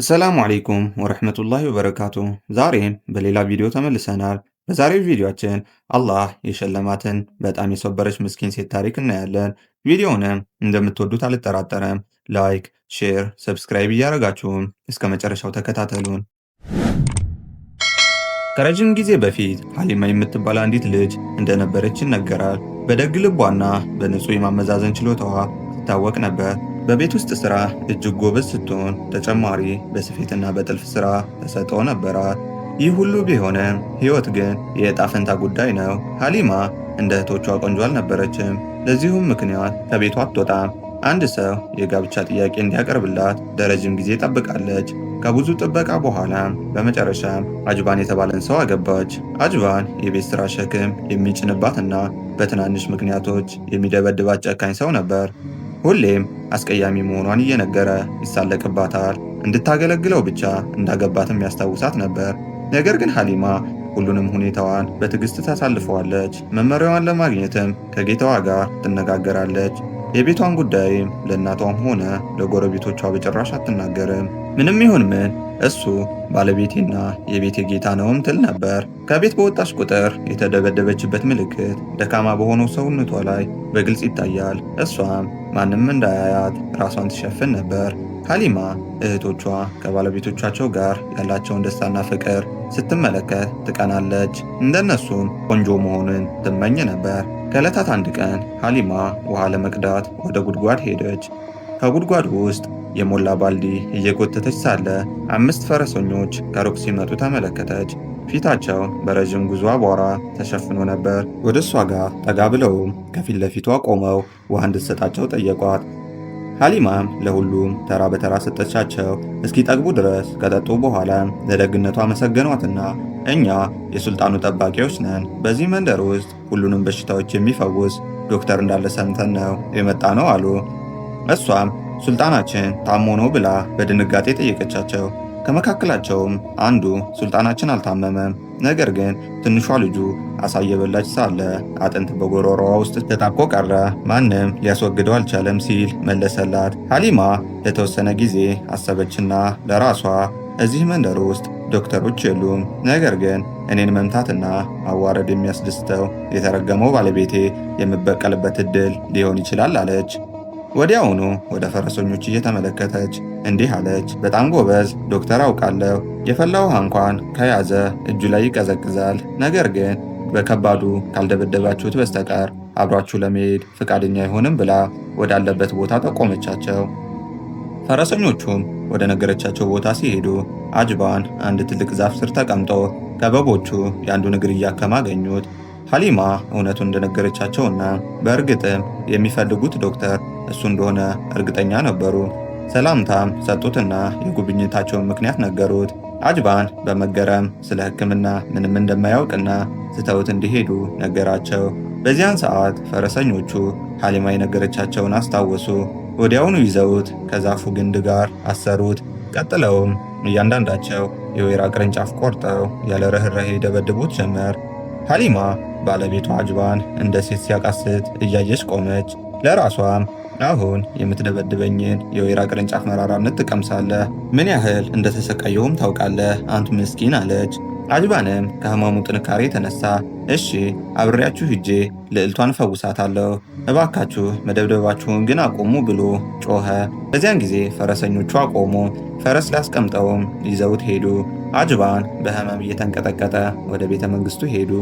አሰላሙ አሌይኩም ወረህመቱላሂ ወበረካቱ። ዛሬም በሌላ ቪዲዮ ተመልሰናል። በዛሬው ቪዲዮአችን አላህ የሸለማትን በጣም የሰበረች ምስኪን ሴት ታሪክ እናያለን። ቪዲዮውንም እንደምትወዱት አልጠራጠረም። ላይክ፣ ሼር፣ ሰብስክራይብ እያደረጋችሁም እስከ መጨረሻው ተከታተሉን። ከረጅም ጊዜ በፊት ሀሊማ የምትባል አንዲት ልጅ እንደነበረች ይነገራል። በደግ ልቧና በንጹህ የማመዛዘን ችሎታዋ ይታወቅ ነበር። በቤት ውስጥ ስራ እጅግ ጎበዝ ስትሆን ተጨማሪ በስፌትና በጥልፍ ስራ ተሰጥኦ ነበራት። ይህ ሁሉ ቢሆንም ህይወት ግን የዕጣ ፈንታ ጉዳይ ነው። ሀሊማ እንደ እህቶቿ ቆንጆ አልነበረችም። ለዚሁም ምክንያት ከቤቷ አትወጣም። አንድ ሰው የጋብቻ ጥያቄ እንዲያቀርብላት ለረጅም ጊዜ ጠብቃለች። ከብዙ ጥበቃ በኋላም በመጨረሻም አጅባን የተባለን ሰው አገባች። አጅባን የቤት ስራ ሸክም የሚጭንባትና በትናንሽ ምክንያቶች የሚደበድባት ጨካኝ ሰው ነበር። ሁሌም አስቀያሚ መሆኗን እየነገረ ይሳለቅባታል። እንድታገለግለው ብቻ እንዳገባትም ያስታውሳት ነበር። ነገር ግን ሀሊማ ሁሉንም ሁኔታዋን በትዕግስት ታሳልፈዋለች። መመሪያዋን ለማግኘትም ከጌታዋ ጋር ትነጋገራለች። የቤቷን ጉዳይም ለእናቷም ሆነ ለጎረቤቶቿ በጭራሽ አትናገርም። ምንም ይሁን ምን እሱ ባለቤቴና የቤቴ ጌታ ነውም ትል ነበር። ከቤት በወጣች ቁጥር የተደበደበችበት ምልክት ደካማ በሆነው ሰውነቷ ላይ በግልጽ ይታያል። እሷም ማንም እንዳያያት ራሷን ትሸፍን ነበር። ሀሊማ እህቶቿ ከባለቤቶቻቸው ጋር ያላቸውን ደስታና ፍቅር ስትመለከት ትቀናለች፣ እንደነሱም ቆንጆ መሆንን ትመኝ ነበር። ከዕለታት አንድ ቀን ሀሊማ ውሃ ለመቅዳት ወደ ጉድጓድ ሄደች። ከጉድጓድ ውስጥ የሞላ ባልዲ እየጎተተች ሳለ አምስት ፈረሰኞች ከሩቅ ሲመጡ ተመለከተች። ፊታቸው በረዥም ጉዞ አቧራ ተሸፍኖ ነበር። ወደ እሷ ጋር ጠጋ ብለውም ከፊት ለፊቷ ቆመው ውሃ እንድትሰጣቸው ጠየቋት። ሀሊማም ለሁሉም ተራ በተራ ሰጠቻቸው። እስኪጠግቡ ድረስ ከጠጡ በኋላ ለደግነቱ አመሰገኗትና እኛ የሱልጣኑ ጠባቂዎች ነን፣ በዚህ መንደር ውስጥ ሁሉንም በሽታዎች የሚፈውስ ዶክተር እንዳለ ሰምተን ነው የመጣ ነው አሉ። እሷም ሱልጣናችን ታሞ ነው ብላ በድንጋጤ ጠየቀቻቸው። ከመካከላቸውም አንዱ ሱልጣናችን አልታመመም፣ ነገር ግን ትንሿ ልጁ አሳ እየበላች ሳለ አጥንት በጎሮሮዋ ውስጥ ተጣብቆ ቀረ፣ ማንም ሊያስወግደው አልቻለም ሲል መለሰላት። ሀሊማ ለተወሰነ ጊዜ አሰበችና ለራሷ እዚህ መንደር ውስጥ ዶክተሮች የሉም፣ ነገር ግን እኔን መምታትና ማዋረድ የሚያስደስተው የተረገመው ባለቤቴ የምበቀልበት እድል ሊሆን ይችላል አለች። ወዲያውኑ ወደ ፈረሰኞች እየተመለከተች እንዲህ አለች፣ በጣም ጎበዝ ዶክተር አውቃለሁ። የፈላ ውሃ እንኳን ከያዘ እጁ ላይ ይቀዘቅዛል። ነገር ግን በከባዱ ካልደበደባችሁት በስተቀር አብሯችሁ ለመሄድ ፈቃደኛ አይሆንም ብላ ወዳለበት ቦታ ጠቆመቻቸው። ፈረሰኞቹም ወደ ነገረቻቸው ቦታ ሲሄዱ አጅባን አንድ ትልቅ ዛፍ ስር ተቀምጦ ከበቦቹ የአንዱን እግር እያከማ አገኙት። ሀሊማ እውነቱን እንደነገረቻቸውና በእርግጥም የሚፈልጉት ዶክተር እሱ እንደሆነ እርግጠኛ ነበሩ። ሰላምታም ሰጡትና የጉብኝታቸውን ምክንያት ነገሩት። አጅባን በመገረም ስለ ሕክምና ምንም እንደማያውቅና ስተውት እንዲሄዱ ነገራቸው። በዚያን ሰዓት ፈረሰኞቹ ሐሊማ የነገረቻቸውን አስታወሱ። ወዲያውኑ ይዘውት ከዛፉ ግንድ ጋር አሰሩት። ቀጥለውም እያንዳንዳቸው የወይራ ቅርንጫፍ ቆርጠው ያለ ርኅራኄ ደበድቡት ጀመር። ሐሊማ ባለቤቷ አጅባን እንደ ሴት ሲያቃስት እያየች ቆመች። ለራሷም አሁን የምትደበድበኝን የወይራ ቅርንጫፍ መራራነት ትቀምሳለህ። ምን ያህል እንደተሰቃየሁም ታውቃለህ አንት ምስኪን አለች። አጅባንም ከህመሙ ጥንካሬ የተነሳ እሺ አብሬያችሁ ሂጄ ልዕልቷን እፈውሳታለሁ፣ እባካችሁ መደብደባችሁን ግን አቆሙ ብሎ ጮኸ። በዚያን ጊዜ ፈረሰኞቹ አቆሙ። ፈረስ ሊያስቀምጠውም ይዘውት ሄዱ። አጅባን በህመም እየተንቀጠቀጠ ወደ ቤተ መንግስቱ ሄዱ።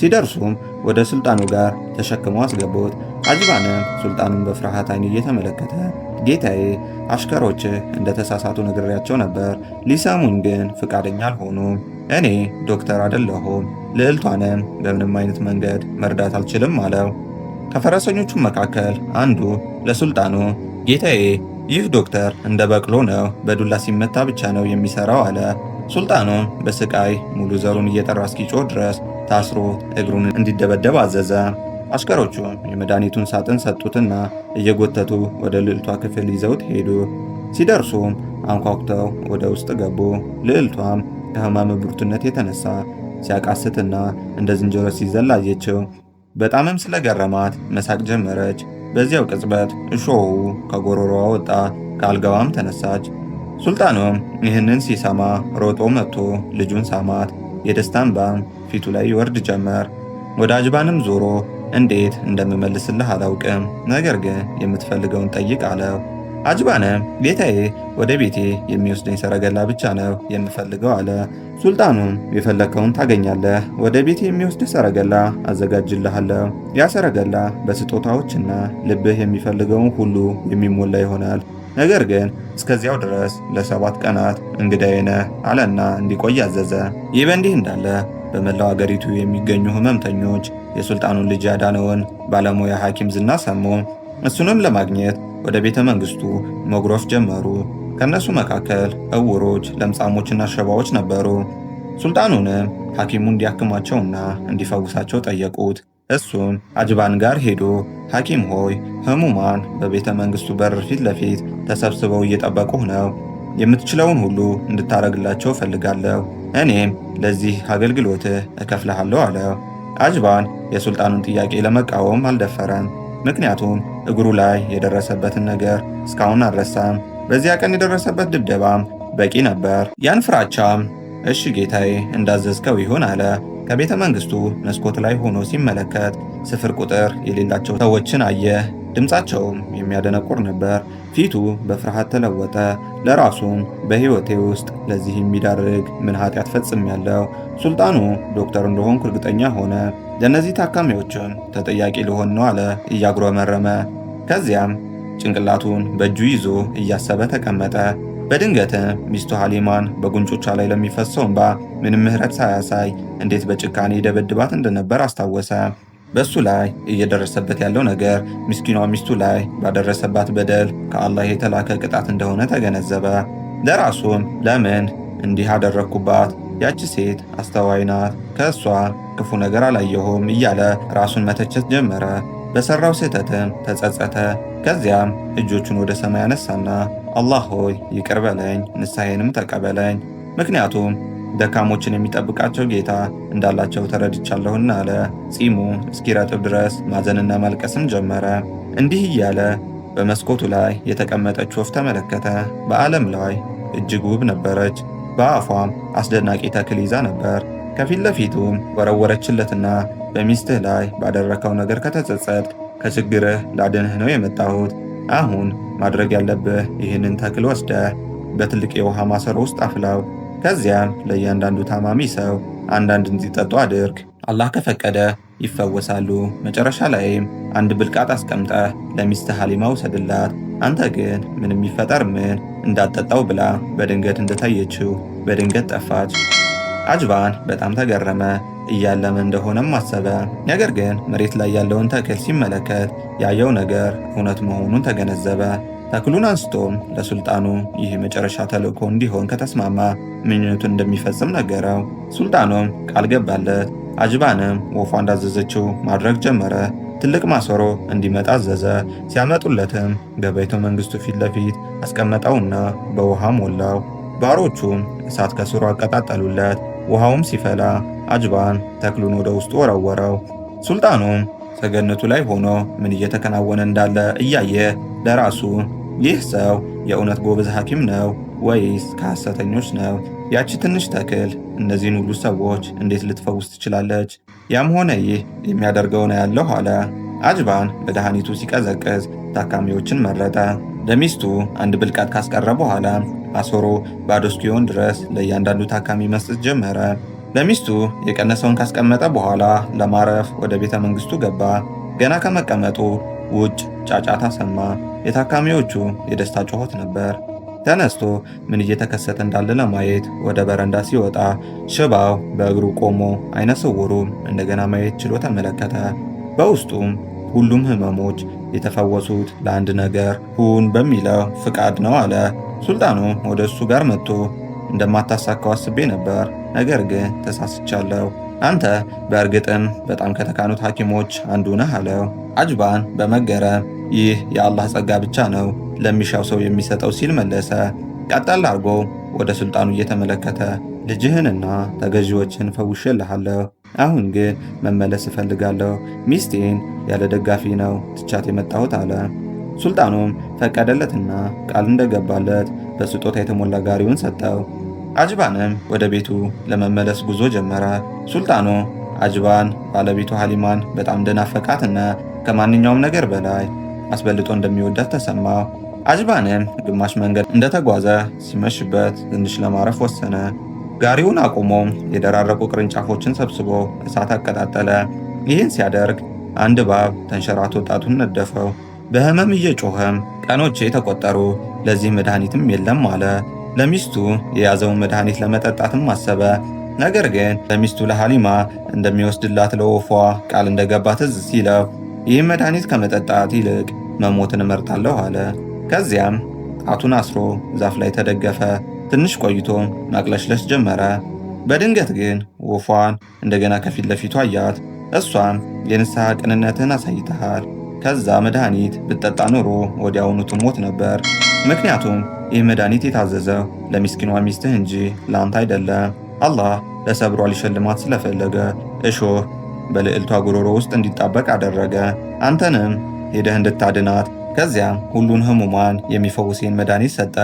ሲደርሱም ወደ ሱልጣኑ ጋር ተሸክመው አስገቡት። አጅባነ ሱልጣኑን በፍርሃት ዓይን እየተመለከተ ጌታዬ እንደ እንደተሳሳቱ ነግሬያቸው ነበር፣ ሊሰሙኝ ግን ፍቃደኛ አልሆኑም። እኔ ዶክተር አይደለሁም፣ ልዕልቷንም በምንም አይነት መንገድ መርዳት አልችልም አለው። ከፈረሰኞቹ መካከል አንዱ ለሱልጣኑ ጌታዬ፣ ይህ ዶክተር እንደ በቅሎ ነው፣ በዱላ ሲመታ ብቻ ነው የሚሰራው አለ። ሱልጣኑ በስቃይ ሙሉ ዘሩን እየጠራ እስኪጮህ ድረስ ታስሮ እግሩን እንዲደበደብ አዘዘ። አሽከሮቹ የመድኃኒቱን ሳጥን ሰጡትና እየጎተቱ ወደ ልዕልቷ ክፍል ይዘውት ሄዱ። ሲደርሱም አንኳኩተው ወደ ውስጥ ገቡ። ልዕልቷም ከህመም ብርቱነት የተነሳ ሲያቃስትና እንደ ዝንጀሮ ሲዘል አየችው። በጣምም ስለገረማት መሳቅ ጀመረች። በዚያው ቅጽበት እሾሁ ከጎሮሮዋ ወጣ፣ ከአልጋዋም ተነሳች። ሱልጣኑም ይህንን ሲሰማ ሮጦ መጥቶ ልጁን ሳማት። የደስታን ባም ፊቱ ላይ ይወርድ ጀመር። ወደ አጅባንም ዞሮ እንዴት እንደምመልስልህ አላውቅም፣ ነገር ግን የምትፈልገውን ጠይቅ አለው። አጅባንም ጌታዬ፣ ወደ ቤቴ የሚወስደኝ ሰረገላ ብቻ ነው የምፈልገው አለ። ሱልጣኑም የፈለግከውን ታገኛለህ፣ ወደ ቤቴ የሚወስድ ሰረገላ አዘጋጅልሃለሁ። ያ ሰረገላ በስጦታዎችና ልብህ የሚፈልገውን ሁሉ የሚሞላ ይሆናል። ነገር ግን እስከዚያው ድረስ ለሰባት ቀናት እንግዳዬ ነህ አለና እንዲቆይ አዘዘ። ይህ በእንዲህ እንዳለ በመላው አገሪቱ የሚገኙ ህመምተኞች የሱልጣኑን ልጅ ያዳነውን ባለሙያ ሐኪም ዝና ሰሙ። እሱንም ለማግኘት ወደ ቤተ መንግስቱ መጉረፍ ጀመሩ። ከእነሱ መካከል እውሮች፣ ለምጻሞችና ሸባዎች ነበሩ። ሱልጣኑንም ሐኪሙ እንዲያክማቸውና እንዲፈውሳቸው ጠየቁት። እሱም አጅባን ጋር ሄዶ ሐኪም ሆይ ህሙማን በቤተ መንግስቱ በር ፊት ለፊት ተሰብስበው እየጠበቁህ ነው። የምትችለውን ሁሉ እንድታደርግላቸው እፈልጋለሁ። እኔም ለዚህ አገልግሎትህ እከፍልሃለሁ አለው። አጅባን የሱልጣኑን ጥያቄ ለመቃወም አልደፈረም። ምክንያቱም እግሩ ላይ የደረሰበትን ነገር እስካሁን አልረሳም። በዚያ ቀን የደረሰበት ድብደባም በቂ ነበር። ያን ፍራቻም እሺ ጌታዬ እንዳዘዝከው ይሁን አለ። ከቤተ መንግስቱ መስኮት ላይ ሆኖ ሲመለከት ስፍር ቁጥር የሌላቸው ሰዎችን አየ። ድምፃቸውም የሚያደነቁር ነበር። ፊቱ በፍርሃት ተለወጠ። ለራሱም በሕይወቴ ውስጥ ለዚህ የሚዳርግ ምን ኃጢአት ፈጽም ያለው ሱልጣኑ ዶክተር እንደሆንኩ እርግጠኛ ሆነ። ለእነዚህ ታካሚዎችም ተጠያቂ ልሆን ነው አለ እያጉረመረመ። ከዚያም ጭንቅላቱን በእጁ ይዞ እያሰበ ተቀመጠ። በድንገት ሚስቱ ሃሊማን በጉንጮቿ ላይ ለሚፈሰው እንባ ምንም ምሕረት ሳያሳይ እንዴት በጭካኔ ደበድባት እንደነበር አስታወሰ። በእሱ ላይ እየደረሰበት ያለው ነገር ምስኪኗ ሚስቱ ላይ ባደረሰባት በደል ከአላህ የተላከ ቅጣት እንደሆነ ተገነዘበ። ለራሱም ለምን እንዲህ አደረግኩባት? ያቺ ሴት አስተዋይ ናት፣ ከእሷ ክፉ ነገር አላየሁም እያለ ራሱን መተቸት ጀመረ። በሠራው ስህተትም ተጸጸተ። ከዚያም እጆቹን ወደ ሰማይ አነሳና አላህ ሆይ ይቅር በለኝ፣ ንስሐዬንም ተቀበለኝ ምክንያቱም ደካሞችን የሚጠብቃቸው ጌታ እንዳላቸው ተረድቻለሁና አለ። ጺሙ እስኪረጥብ ድረስ ማዘንና ማልቀስም ጀመረ። እንዲህ እያለ በመስኮቱ ላይ የተቀመጠች ወፍ ተመለከተ። በዓለም ላይ እጅግ ውብ ነበረች። በአፏም አስደናቂ ተክል ይዛ ነበር። ከፊት ለፊቱም ወረወረችለትና በሚስትህ ላይ ባደረከው ነገር ከተጸጸት ከችግርህ ላድንህ ነው የመጣሁት። አሁን ማድረግ ያለብህ ይህንን ተክል ወስደህ በትልቅ የውሃ ማሰሮ ውስጥ አፍላው ከዚያም ለእያንዳንዱ ታማሚ ሰው አንዳንድ እንዲጠጡ አድርግ። አላህ ከፈቀደ ይፈወሳሉ። መጨረሻ ላይም አንድ ብልቃጥ አስቀምጠህ ለሚስት ሀሊማ ውሰድላት። አንተ ግን ምንም ይፈጠር ምን እንዳጠጣው ብላ በድንገት እንደታየችው በድንገት ጠፋች። አጅባን በጣም ተገረመ። እያለመ እንደሆነም አሰበ። ነገር ግን መሬት ላይ ያለውን ተክል ሲመለከት ያየው ነገር እውነት መሆኑን ተገነዘበ። ተክሉን አንስቶም ለሱልጣኑ ይህ የመጨረሻ ተልእኮ እንዲሆን ከተስማማ ምኞቱን እንደሚፈጽም ነገረው። ሱልጣኑም ቃል ገባለት። አጅባንም ወፏ እንዳዘዘችው ማድረግ ጀመረ። ትልቅ ማሰሮ እንዲመጣ አዘዘ። ሲያመጡለትም በቤተ መንግስቱ ፊት ለፊት አስቀመጠውና በውሃ ሞላው። ባሮቹም እሳት ከስሩ አቀጣጠሉለት። ውሃውም ሲፈላ አጅባን ተክሉን ወደ ውስጡ ወረወረው። ሱልጣኑም ሰገነቱ ላይ ሆኖ ምን እየተከናወነ እንዳለ እያየ ለራሱ ይህ ሰው የእውነት ጎበዝ ሐኪም ነው ወይስ ከሐሰተኞች ነው? ያቺ ትንሽ ተክል እነዚህን ሁሉ ሰዎች እንዴት ልትፈውስ ትችላለች? ያም ሆነ ይህ የሚያደርገው ነው ያለው አለ። አጅባን መድኃኒቱ ሲቀዘቅዝ ታካሚዎችን መረጠ። ለሚስቱ አንድ ብልቃት ካስቀረ በኋላ አሶሮ ባዶ ድረስ ለእያንዳንዱ ታካሚ መስጠት ጀመረ። ለሚስቱ የቀነሰውን ካስቀመጠ በኋላ ለማረፍ ወደ ቤተ መንግስቱ ገባ። ገና ከመቀመጡ ውጭ ጫጫታ ሰማ። የታካሚዎቹ የደስታ ጩኸት ነበር። ተነስቶ ምን እየተከሰተ እንዳለ ለማየት ወደ በረንዳ ሲወጣ ሽባው በእግሩ ቆሞ አይነ ስውሩም እንደገና ማየት ችሎ ተመለከተ። በውስጡም ሁሉም ህመሞች የተፈወሱት ለአንድ ነገር ሁን በሚለው ፍቃድ ነው አለ። ሱልጣኑ ወደ እሱ ጋር መጥቶ እንደማታሳካው አስቤ ነበር፣ ነገር ግን ተሳስቻለሁ። አንተ በእርግጥም በጣም ከተካኑት ሐኪሞች አንዱ ነህ አለው። አጅባን በመገረም ይህ የአላህ ጸጋ ብቻ ነው ለሚሻው ሰው የሚሰጠው ሲል መለሰ። ቀጠል አድርጎ ወደ ሱልጣኑ እየተመለከተ ልጅህንና ተገዢዎችን ፈውሼልሃለሁ። አሁን ግን መመለስ እፈልጋለሁ። ሚስቴን ያለ ደጋፊ ነው ትቻት የመጣሁት አለ። ሱልጣኑም ፈቀደለትና ቃል እንደገባለት በስጦታ የተሞላ ጋሪውን ሰጠው። አጅባንም ወደ ቤቱ ለመመለስ ጉዞ ጀመረ። ሱልጣኑ አጅባን ባለቤቱ ሃሊማን በጣም እንደናፈቃትና ከማንኛውም ነገር በላይ አስበልጦ እንደሚወዳት ተሰማ። አጅባንን ግማሽ መንገድ እንደተጓዘ ሲመሽበት ትንሽ ለማረፍ ወሰነ። ጋሪውን አቁሞ የደራረቁ ቅርንጫፎችን ሰብስቦ እሳት አቀጣጠለ። ይህን ሲያደርግ አንድ እባብ ተንሸራቶ ጣቱን ነደፈው። በህመም እየጮኸም ቀኖቼ ተቆጠሩ፣ ለዚህ መድኃኒትም የለም አለ። ለሚስቱ የያዘውን መድኃኒት ለመጠጣትም አሰበ። ነገር ግን ለሚስቱ ለሃሊማ እንደሚወስድላት ለወፏ ቃል እንደገባ ትዝ ሲለው ይህ መድኃኒት ከመጠጣት ይልቅ መሞትን እመርጣለሁ አለ። ከዚያም ጣቱን አስሮ ዛፍ ላይ ተደገፈ። ትንሽ ቆይቶ ማቅለሽለሽ ጀመረ። በድንገት ግን ወፏን እንደገና ከፊት ለፊቱ አያት። እሷም የንስሐ ቅንነትህን አሳይተሃል፣ ከዛ መድኃኒት ብጠጣ ኖሮ ወዲያውኑ ትሞት ነበር። ምክንያቱም ይህ መድኃኒት የታዘዘው ለሚስኪኗ ሚስትህ እንጂ ለአንተ አይደለም። አላህ ለሰብሯ ሊሸልማት ስለፈለገ እሾህ በልዕልቷ ጉሮሮ ውስጥ እንዲጣበቅ አደረገ። አንተንም ሄደህ እንድታድናት ከዚያም ሁሉን ህሙማን የሚፈውሴን መድኃኒት ሰጠ።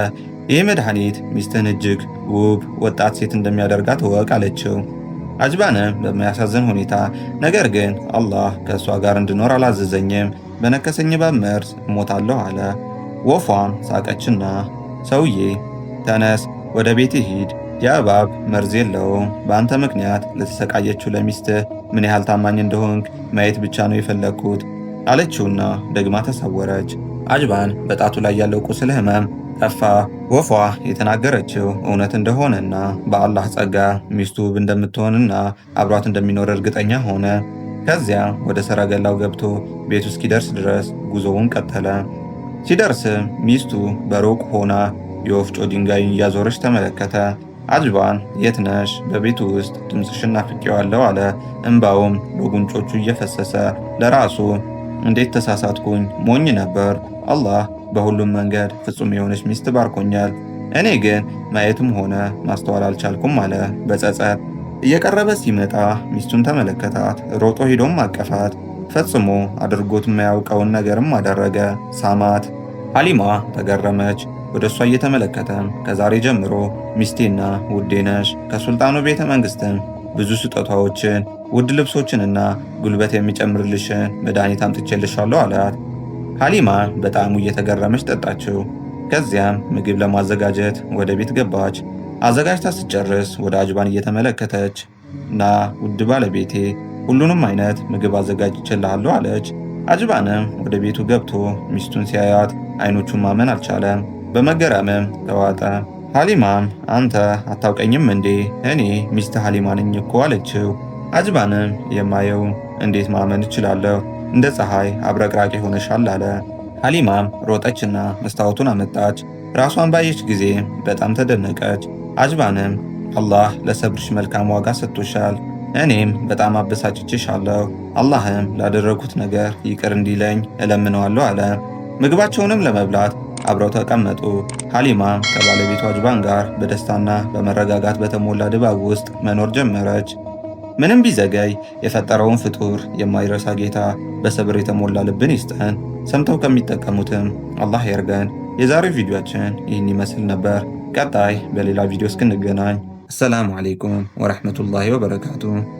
ይህ መድኃኒት ሚስትህን እጅግ ውብ ወጣት ሴት እንደሚያደርጋት እወቅ አለችው። አጅባንም በሚያሳዝን ሁኔታ ነገር ግን አላህ ከእሷ ጋር እንድኖር አላዘዘኝም፣ በነከሰኝ በምርስ እሞታለሁ አለ። ወፏም ሳቀችና ሰውዬ ተነስ፣ ወደ ቤት ሂድ፣ የእባብ መርዝ የለውም። በአንተ ምክንያት ለተሰቃየችው ለሚስትህ ምን ያህል ታማኝ እንደሆንክ ማየት ብቻ ነው የፈለግኩት አለችውና ደግማ ተሰወረች። አጅባን በጣቱ ላይ ያለው ቁስል ህመም ጠፋ። ወፏ የተናገረችው እውነት እንደሆነና በአላህ ጸጋ ሚስቱ ውብ እንደምትሆንና አብሯት እንደሚኖር እርግጠኛ ሆነ። ከዚያ ወደ ሰረገላው ገብቶ ቤቱ እስኪደርስ ድረስ ጉዞውን ቀጠለ። ሲደርስ ሚስቱ በሩቅ ሆና የወፍጮ ድንጋይን እያዞረች ተመለከተ። አጅባን የት ነሽ? በቤቱ ውስጥ ድምፅሽን ናፍቄዋለሁ አለ። እምባውም በጉንጮቹ እየፈሰሰ ለራሱ እንዴት ተሳሳትኩኝ? ሞኝ ነበር። አላህ በሁሉም መንገድ ፍጹም የሆነች ሚስት ባርኮኛል። እኔ ግን ማየትም ሆነ ማስተዋል አልቻልኩም አለ በጸጸት። እየቀረበ ሲመጣ ሚስቱን ተመለከታት። ሮጦ ሂዶም አቀፋት። ፈጽሞ አድርጎት የማያውቀውን ነገርም አደረገ፣ ሳማት። ሀሊማ ተገረመች። ወደ እሷ እየተመለከተም ከዛሬ ጀምሮ ሚስቴና ውዴ ነሽ፣ ከሱልጣኑ ቤተ መንግስትም ብዙ ስጦታዎችን፣ ውድ ልብሶችንና ጉልበት የሚጨምርልሽን መድኃኒት አምጥቼልሻለሁ አላት። ሀሊማ በጣዕሙ እየተገረመች ጠጣችው። ከዚያም ምግብ ለማዘጋጀት ወደ ቤት ገባች። አዘጋጅታ ስትጨርስ ወደ አጅባን እየተመለከተች እና ውድ ባለቤቴ ሁሉንም አይነት ምግብ አዘጋጅቼልሃለሁ አለች። አጅባንም ወደ ቤቱ ገብቶ ሚስቱን ሲያያት አይኖቹን ማመን አልቻለም። በመገረምም ተዋጠ። ሀሊማም አንተ አታውቀኝም እንዴ? እኔ ሚስት ሀሊማ ነኝ እኮ አለችው። አጅባንም የማየውን እንዴት ማመን እችላለሁ? እንደ ፀሐይ አብረቅራቂ ሆነሻል አለ። ሀሊማም ሮጠችና መስታወቱን አመጣች። ራሷን ባየች ጊዜ በጣም ተደነቀች። አጅባንም አላህ ለሰብርሽ መልካም ዋጋ ሰጥቶሻል፣ እኔም በጣም አበሳጭችሻለሁ። አላህም ላደረጉት ነገር ይቅር እንዲለኝ እለምነዋለሁ አለ። ምግባቸውንም ለመብላት አብረው ተቀመጡ። ሀሊማ ከባለቤቷ ጅባን ጋር በደስታና በመረጋጋት በተሞላ ድባብ ውስጥ መኖር ጀመረች። ምንም ቢዘገይ የፈጠረውን ፍጡር የማይረሳ ጌታ በሰብር የተሞላ ልብን ይስጠን፣ ሰምተው ከሚጠቀሙትም አላህ ያርገን። የዛሬው ቪዲዮችን ይህን ይመስል ነበር። ቀጣይ በሌላ ቪዲዮ እስክንገናኝ አሰላሙ አሌይኩም ወረሕመቱላሂ ወበረካቱ።